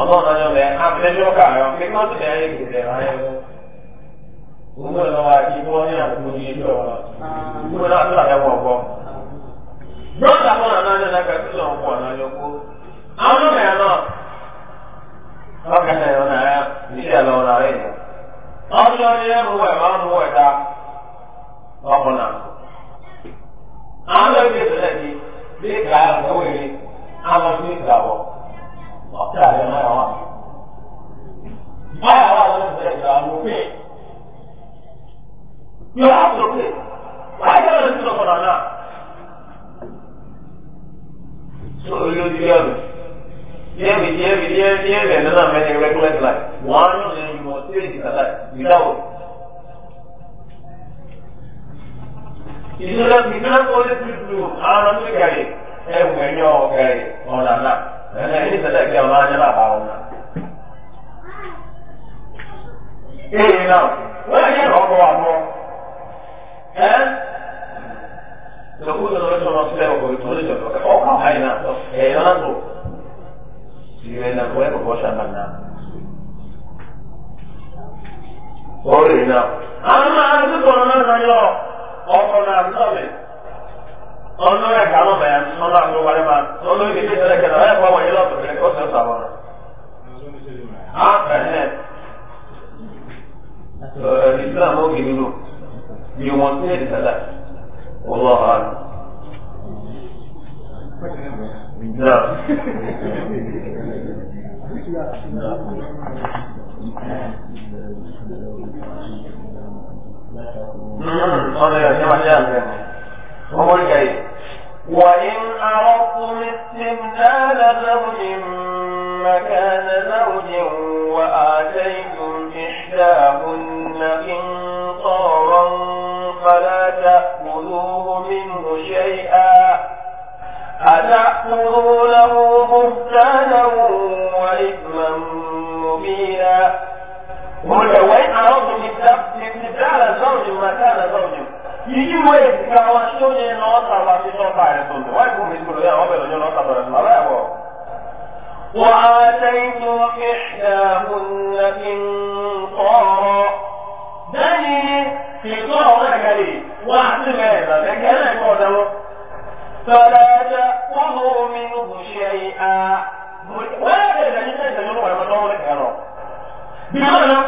ọlọ́run ayọ̀ lẹ́yìn amẹ́jọ́ kàrọ̀ pé má ti ayé ìgbésẹ̀ ayọ̀ lọ. Gbogbo ẹ̀ lọ́wọ́ àti ìwọ ní àkókò ní ilé ọ̀rọ̀. Gbogbo náà tó àyẹ̀wò ọ̀gbọ́. Bọ́ọ̀dà wọn àná ní ẹ̀ka tí lọ́wọ́ pọ̀ náà yọ kó. Àwọn ọmọ ẹ̀ náà. Lọ́kẹ́sẹ̀ yọ̀ náà níṣẹ́ lọ́wọ́ náà rẹ̀ yẹn. Ọjọ́ ní ẹ̀rù wẹ̀ máa ń mú ẹ̀dá ọkùnà. Àwọn ọmọ ẹgbẹ́ ìtọ́lẹ̀ tààrẹ máa wà. Máa wà lọ́sẹ̀ ìlànà òfin. Yóò wá sókè. Wáyé lọ́dọ̀ sí ọ̀pọ̀lọ̀ náà. Sọ yóò di ẹrù. Yẹ́bi yẹ́bi yẹ́bi yẹ́bi ẹ̀dá náà mẹ́rin regulate life. Wọ́n á yọ̀ lẹ́yìn mọ̀ sí èdè kàlá ìdáwó. Ìdílé náà kò lè fi lu àwọn ọmọ Ẹ̀wù ẹ̀yọ́ ọ̀gá yìí ọ̀làlà. နည်းနည်းလေးဆက်လက်ကြောင်းလာကြတာပါဘူး။အေးတော့ဝိုင်းရောတော့ဘောအဲ وإن أردتم استبدال زوج مكان زوج وآتيتم إحداهن إنطارا فلا تأخذوه منه شيئا أتأخذونه بهتانا وإثما مبينا قل وإن أردتم استبدال زوج مكان زوج 因为甲我少年老十八岁所带的孙子，我不明白了，我被人家老十八人老了不？وآتيتم إحداهن قنطارا دليل في قنطار كريم واحد ماذا ذكر قدمه فلا تأخذوا منه شيئا ولا تجد أن تجدوا ولا تجدوا بمعنى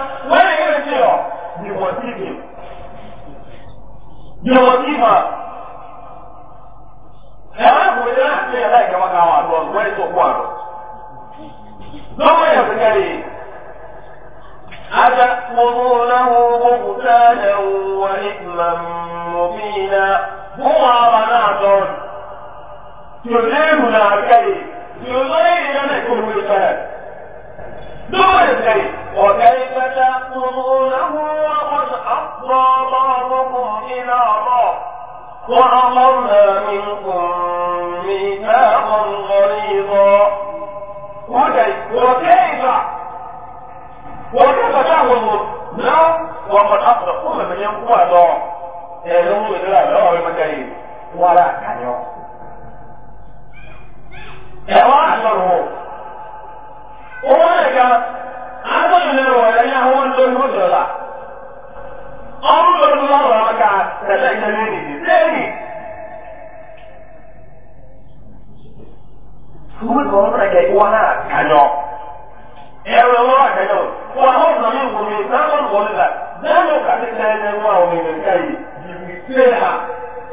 lọ́wọ́ náà wọ́n kọ́ àpò fún mẹ́mẹ́ yẹn kú àlọ́ ẹ̀ lọ́wọ́ ìlú rà lọ́wọ́ rẹ̀ mọ́tẹ́ yìí wọ́n ara àkànyọ́. ẹ̀wọ́n àlọ́rọ̀ owó ẹ̀ka agbóyún lẹ́rọ̀ ẹ̀rẹ́ yẹn àwọn olóyún ọ̀dọ̀ la ọ̀rọ̀ lọ́dún lọ́rọ̀ ọ̀ka tẹ̀lé ìtẹ̀lé nìyí Suruh orang nak jadi warna kanyok ẹ̀rọ wọn àtẹ̀yọ̀ kó àwọn ọ̀nà yìí wò mí sáwọn wọlé la lẹ́nu kàtí lẹ́yìn lẹ́nu wọn àwọn ènìyàn ká yìí yìí ṣe hà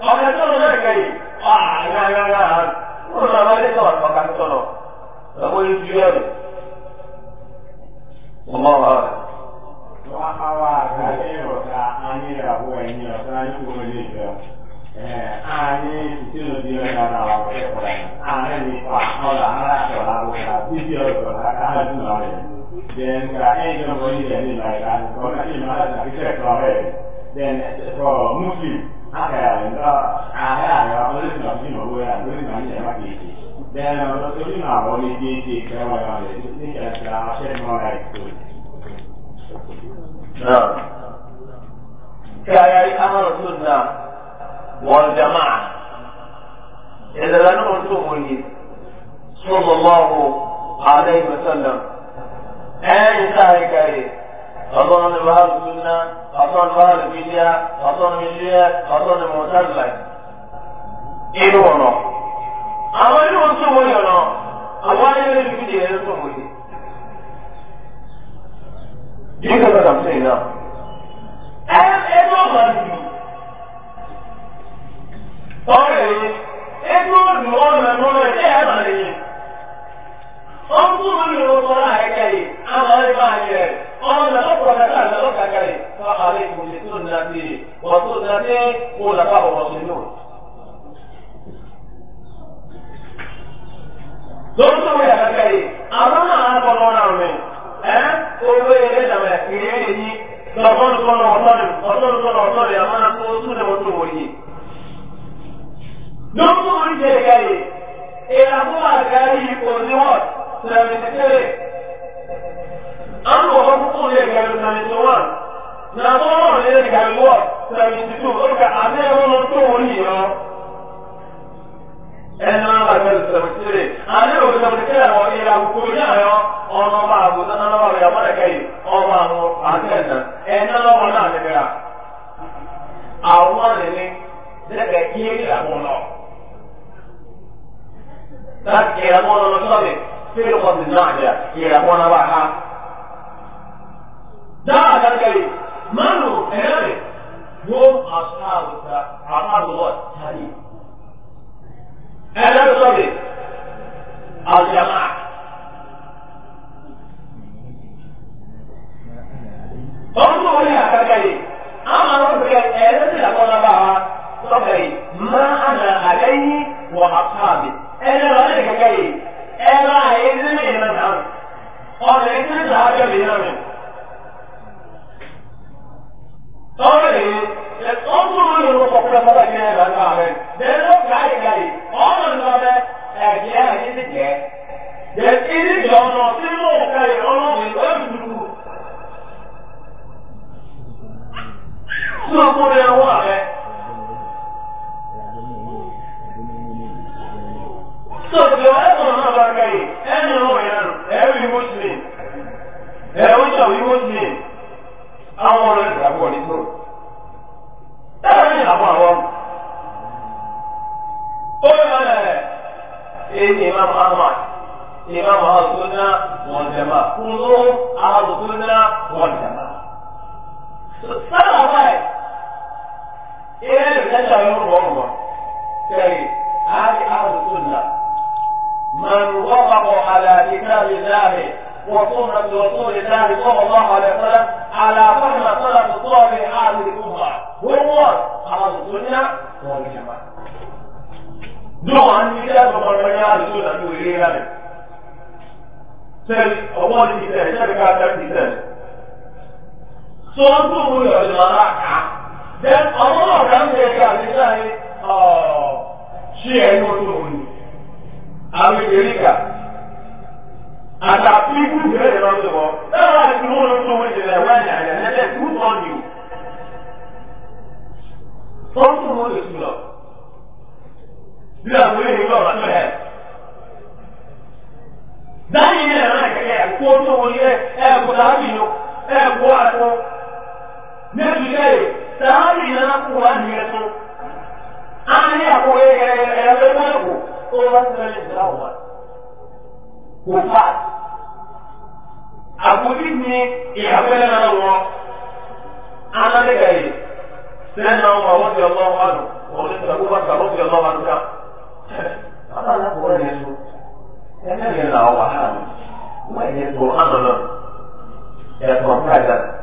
ọ̀nà tó ń lẹ́yìn ká yìí àyàyàyà wọn náà wọlé sọ ọ̀tọ̀ ká tó lọ lọ́wọ́ yìí ju ẹ̀rù ọmọ wa rẹ̀. wọ́n á wá àgbáyé ọ̀tá ayé ìyàwó anelli qua, no la maracca, la buca, video, la cara, il nome. Then the angel will be in like that, because he must have accepted already. Then for Muslim, okay, and uh, I have a listen of him, who are doing my name, what is it? Then uh, so you know, only did it, so I got it. This is just a shed more like food. نعم كأي أمر سنة والجماعة إذا எதெல்லாம் ஒன்று மூழ்கி சொல்லமாகவும் ஆலை வசல்லம் ஏன் أظن الوهاب منا أظن الوهاب منا أظن منا أظن المتلع إيه هو نو أما إيه هو نسو ولي نو أما إيه هو نسو ولي نسو ولي إيه كذا نمسينا عليكم بسنتي وسنة خلفاء الراشدون lórúkọ wo yàrá kẹrì àwọn máa ń kọlọ náà mi ẹ owó eré dàmẹ ìyẹn èyí lọgbọnù kọlọ ọtọrin ọtọrin kọlọ ọtọrin àwọn máa tó tún lè wọtò wòye. lórúkọ wo ní jẹrẹ kẹrì ìyàwó àgárí ipò níwọ̀n sẹ̀rẹ̀mẹ̀tẹ̀kẹrẹ àwọn ọkọ̀ kúkú yẹ kẹrì sẹ̀rẹ̀mẹ̀tẹ̀ wọn na tọ́lọ́ ní ẹ̀ka ìwọ́ seventy two olùkà àmì ẹ̀rọ ló tó wọ́n yìí rán. ẹnu àgbẹ̀ seventy three àmì ẹ̀rọ seventy three àwọn ìyá kúkú ní àyọ ọ̀nà ọba àbùdá náà lọ́wọ́ ìyàwó ẹ̀ka yìí ọba àwọn àti ẹ̀nà ẹ̀nà lọ́wọ́ náà lè bẹ̀rẹ̀ àwọn nìní lẹ́kẹ̀ kí ẹ̀rí àwọn lọ. láti kẹ̀rẹ̀ àwọn ọ̀nà lọ́sọ̀rọ̀ fílùkọ̀tì náà jẹ́ kẹ̀rẹ̀ àwọn مانو خیال وہ آسار ہوتا آسار ہوا چاہیے 说不了的那啥，人俺老干这干的啥的哦，钱我都没，俺们这里干，俺家屁股起来了是不？那俺是我能做起来，我伢伢那在不做牛，当时我就输了，你俩没领到了对不对？那你那那个哎，我做我哎，哎，我哪里有？哎，我做。na-akwụkwọ n'ekigaye saaliira nakuwandiika so ani akuweegeragerageragwo mmadụ kufa akubinni iyakuleranalwo anadegaye سيدنا عمر رضي الله عنه وقلت ابو بكر رضي الله عنه كم قال ahụ قول يسوع يا نبي الله وحامد وين يسوع انا لم يسوع كذا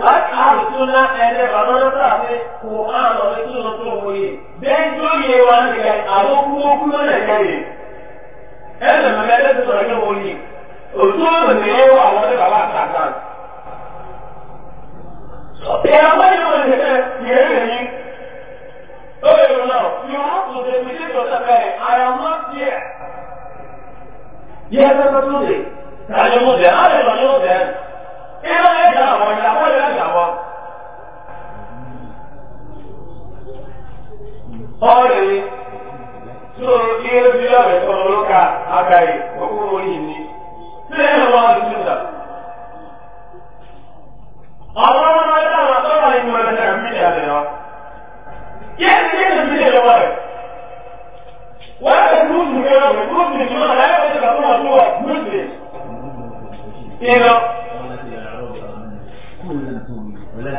láti lè tún ná ẹ̀rẹ́ bàbá lọ́sà pé kò máa lọ sí kí wọ́n tó wòye. bẹ́ẹ̀ tó yẹ wa ń gẹ àwọn kú okú lọ́nà ìgbàlè. ẹ̀rọ mẹ́ta ẹ̀rẹ́ tó sọ̀rọ̀ ní òtún ọ̀rọ̀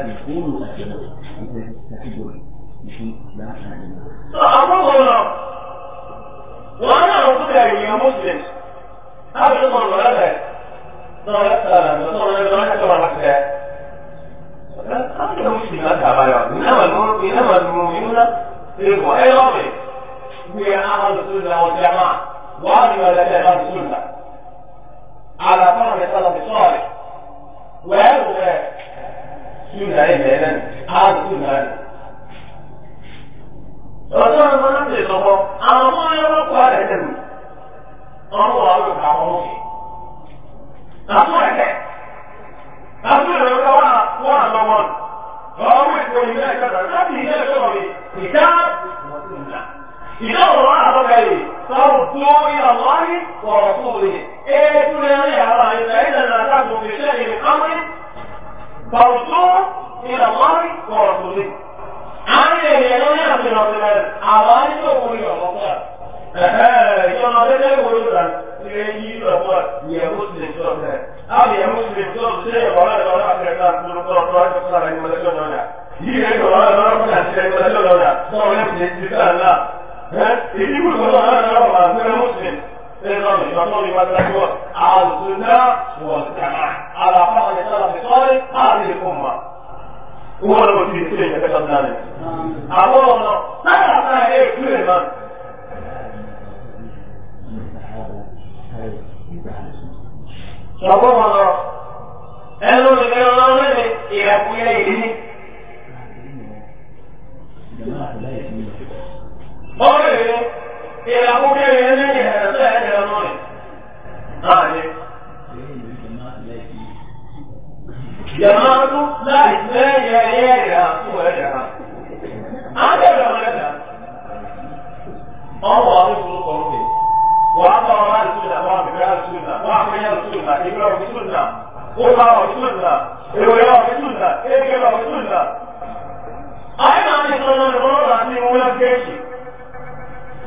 يكون مؤكدا وانا اقول يا مسلم هذا الامر ولدك ضربت ضربت ضربت هذا مسلم اذهب انما انما المؤمنون اخوه اي ربي هي اهل السنه والجماعه وهذه لدى اهل السنه على فهم السلف الصالح ويبغى sùnà ilẹ̀ náà á sùnà rẹ̀. ọ̀dọ́ àwọn ọlọ́dẹ lọ́wọ́ àwọn ọmọ ẹlọ́kọ̀ rẹ̀ lẹ́nu ọmọ àwọn ọ̀gá wọn fi. àbúrò ẹ̀kẹ́ àbúrò ẹ̀kọ́ wà wà lọ́wọ́ ọ̀wọ́ ètò ìlú ẹ̀kọ́ láti ilé ẹ̀kọ́ mi ìdá ìdáwọ̀ wà lọ́gà yìí sọ̀rọ̀ tó yà lọ́rí wọ̀rọ̀ tó rè é. ètò ìlú ẹ̀kọ́ موصول إلى الله ورسوله àwọn ènìyàn ló ní àfihàn ọ̀sẹ̀ àwọn àìsàn òun yọ̀ lọ́pọ̀ ẹ̀ẹ́ ìṣọ́nà ọ̀sẹ̀ ìwòrò ìgbà tí ó yí lọ́pọ̀ ìyẹ̀wò sì lè tó ọ̀sẹ̀ àwọn ìyẹ̀wò sì lè tó ọ̀sẹ̀ ìwọ̀n lọ́wọ́ àfẹ́ká lórúkọ ọ̀tọ́ ọjọ́ sára ìmọ̀lẹ́jọ́ náà yìí rẹ̀ lọ́wọ́ lọ́wọ́ fún àti ìmọ̀lẹ́jọ́ náà sọ́wọ́n نقدر نقول مدرسة على السنة والجماعة على قاعدة السلف الصالح هذه الأمة هو لو في السنة تقدمنا أقولنا سنة إيه كل ما Sabọ́mọ̀lọ́ ẹnu nìkan ọlọ́run lẹ́nu ìrẹ̀kúyẹ́ ìdí ni. Ọ̀rẹ́ ìrẹ̀kúyẹ́ sunna ibrahim sunna qur'an sunna riwayat sunna ikra sunna ayna ni sunna ni ro la ni wala keshi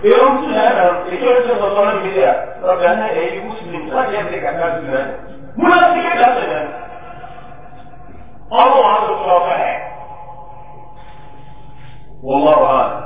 يوم سنة يقول لك الله الميديا ربنا أي مسلم قد يملك أكاد سنة منافقين لا سنة الله عز وجل والله أعلم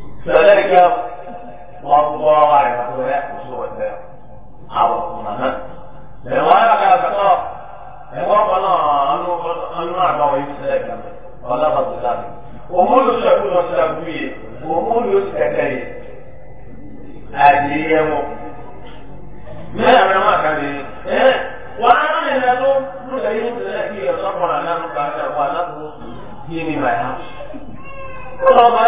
فذلك والله على وسوء الدار عرضنا لو أنا على فقار أن نعبر ويسلك ولا قد ذلك أمور الشكور والسلبية أمور السكرية أديم ما أنا ما كان إيه؟ وأنا من النوم مدين لكي يصبر على مقاطع ديني ما يحصل والله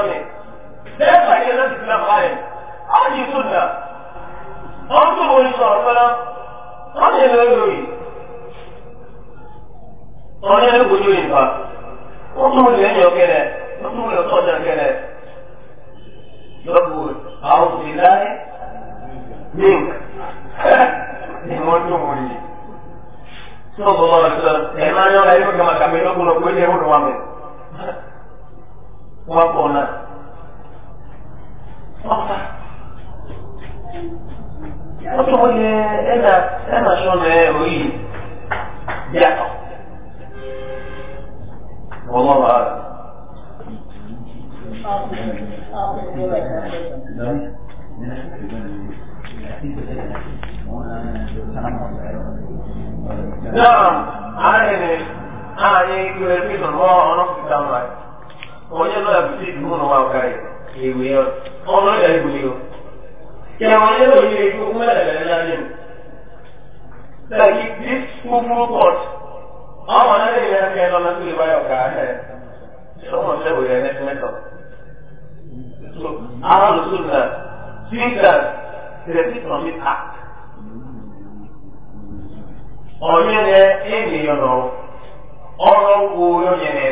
میں نعم عارف عارف يقول لك الله انا في السماء وجه لا بيجي يكون ما كاي يقول انا لا يقول يا وجه لا يقول ما لا لا لا لكن this kufuru court àwọn náà lè yẹn kẹ́ ẹ lọ́nà tó lè báyọ̀ ká ẹ̀ ṣọ́wọ́n ṣẹ́wọ̀ yẹn ní ẹ̀sìn mẹ́tọ̀ àwọn lùsùn náà leaders benefit from this act. ọ̀rọ̀ yẹn ni ènìyàn lọ ọ̀rọ̀ wo ló yẹn ni.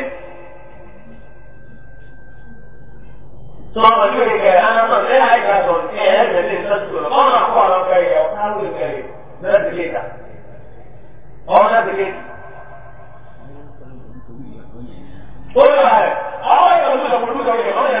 sọmọ yóò yẹ kẹrẹ àwọn ọmọ ṣẹlẹ̀ àyíká sọ sí ẹ ẹ lẹsẹ ìtọ́jú rẹ ọmọ àkọ àwọn kẹrẹ yẹ ọkọ àwọn kẹrẹ náà ti lè ta ọmọ náà ti lè ta. ó yọ àrẹ ọmọ yẹn ló ń lọ kó lóko yẹ ọmọ yẹn.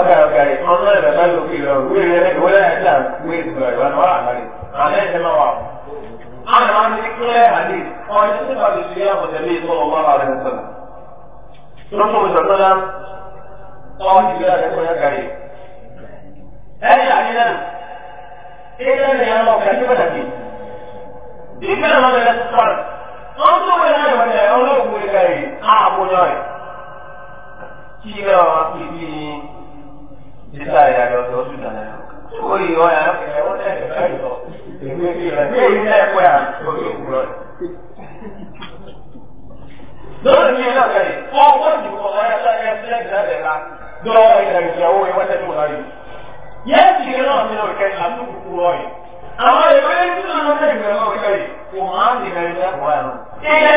Okay, okay. Ọ̀nà ẹ̀rọ bá lò kí lọ, wíìrì rẹ̀ wọlé ẹ̀dá wíìrì bẹ̀rẹ̀ wọn wà àmàlẹ̀. Àmì ẹ̀jẹ̀ máa wà. Àmì máa ní kílẹ̀ àlè. Ọ̀nà ẹ̀jẹ̀ tí bàbá ìṣúyà ọ̀tẹ̀ lé sọ̀rọ̀ wọn àrẹ̀ ń sọ̀rọ̀. Lọ́sọ̀ mi sọ̀tọ́ náà, ọ̀n ti bẹ̀rẹ̀ ẹ̀kọ́ yẹn kàrí. Ẹ̀yìn àmì náà, ilé ni a lọ kàrí pàtàkì. Ìgbẹ́ náà lọ bẹ̀rẹ̀ sọ̀rọ̀. Wọ́n tún wẹ̀ náà ìwọ̀n Italia che lo Sudane. Poi ora anche non è quindi è quello. Dove mi è la gare? Oh, quando vuoi andare a essere là. Dove è che io voglio andare tu là. Yes, che non mi lo che la tu vuoi. Allora, quello non è quello che vuoi. Comandi nel tuo cuore. E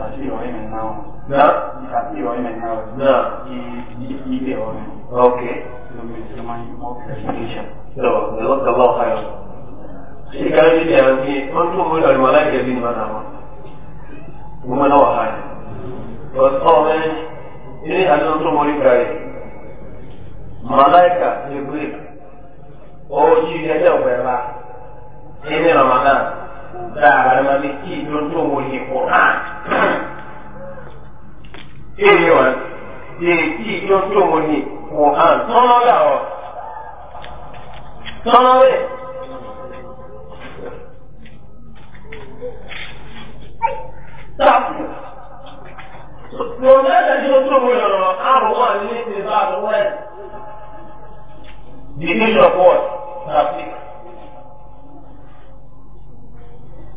Okay. So, the Lord Allah Khair. Shekara shi da wani wani mun almala ke bin mana ma. Kuma na wahaya. To so ne ini Allah to mori kare. Malaika Jibril. O shi da ya wera. Ini Ramadan. Da Ramadan ki don to mori Qur'an irin wa yeji yonto ni wo han tọ́nà là ọ tọ́nà wẹ̀. Sáàpù lòdì of what? Traffic.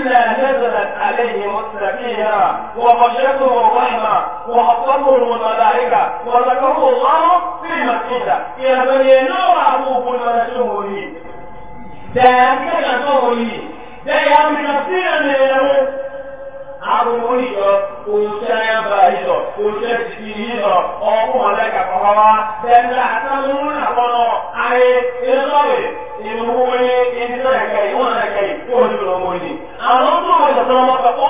إلا نزلت عليهم السكينة وغشتهم الرحمة وحفظهم الملائكة وذكروا الله في مسجدة يا بني نور أبوك من الشهورين ده أكثر الشهورين ده يا من نفسنا من abubuwa kunshayabaiso kunshasibiiso okumaleka kokoba benda ataluna kono aye isobe imuhuli intisakai unakai kuhulumuhuli alonso wa sallallahu alaihi wasallam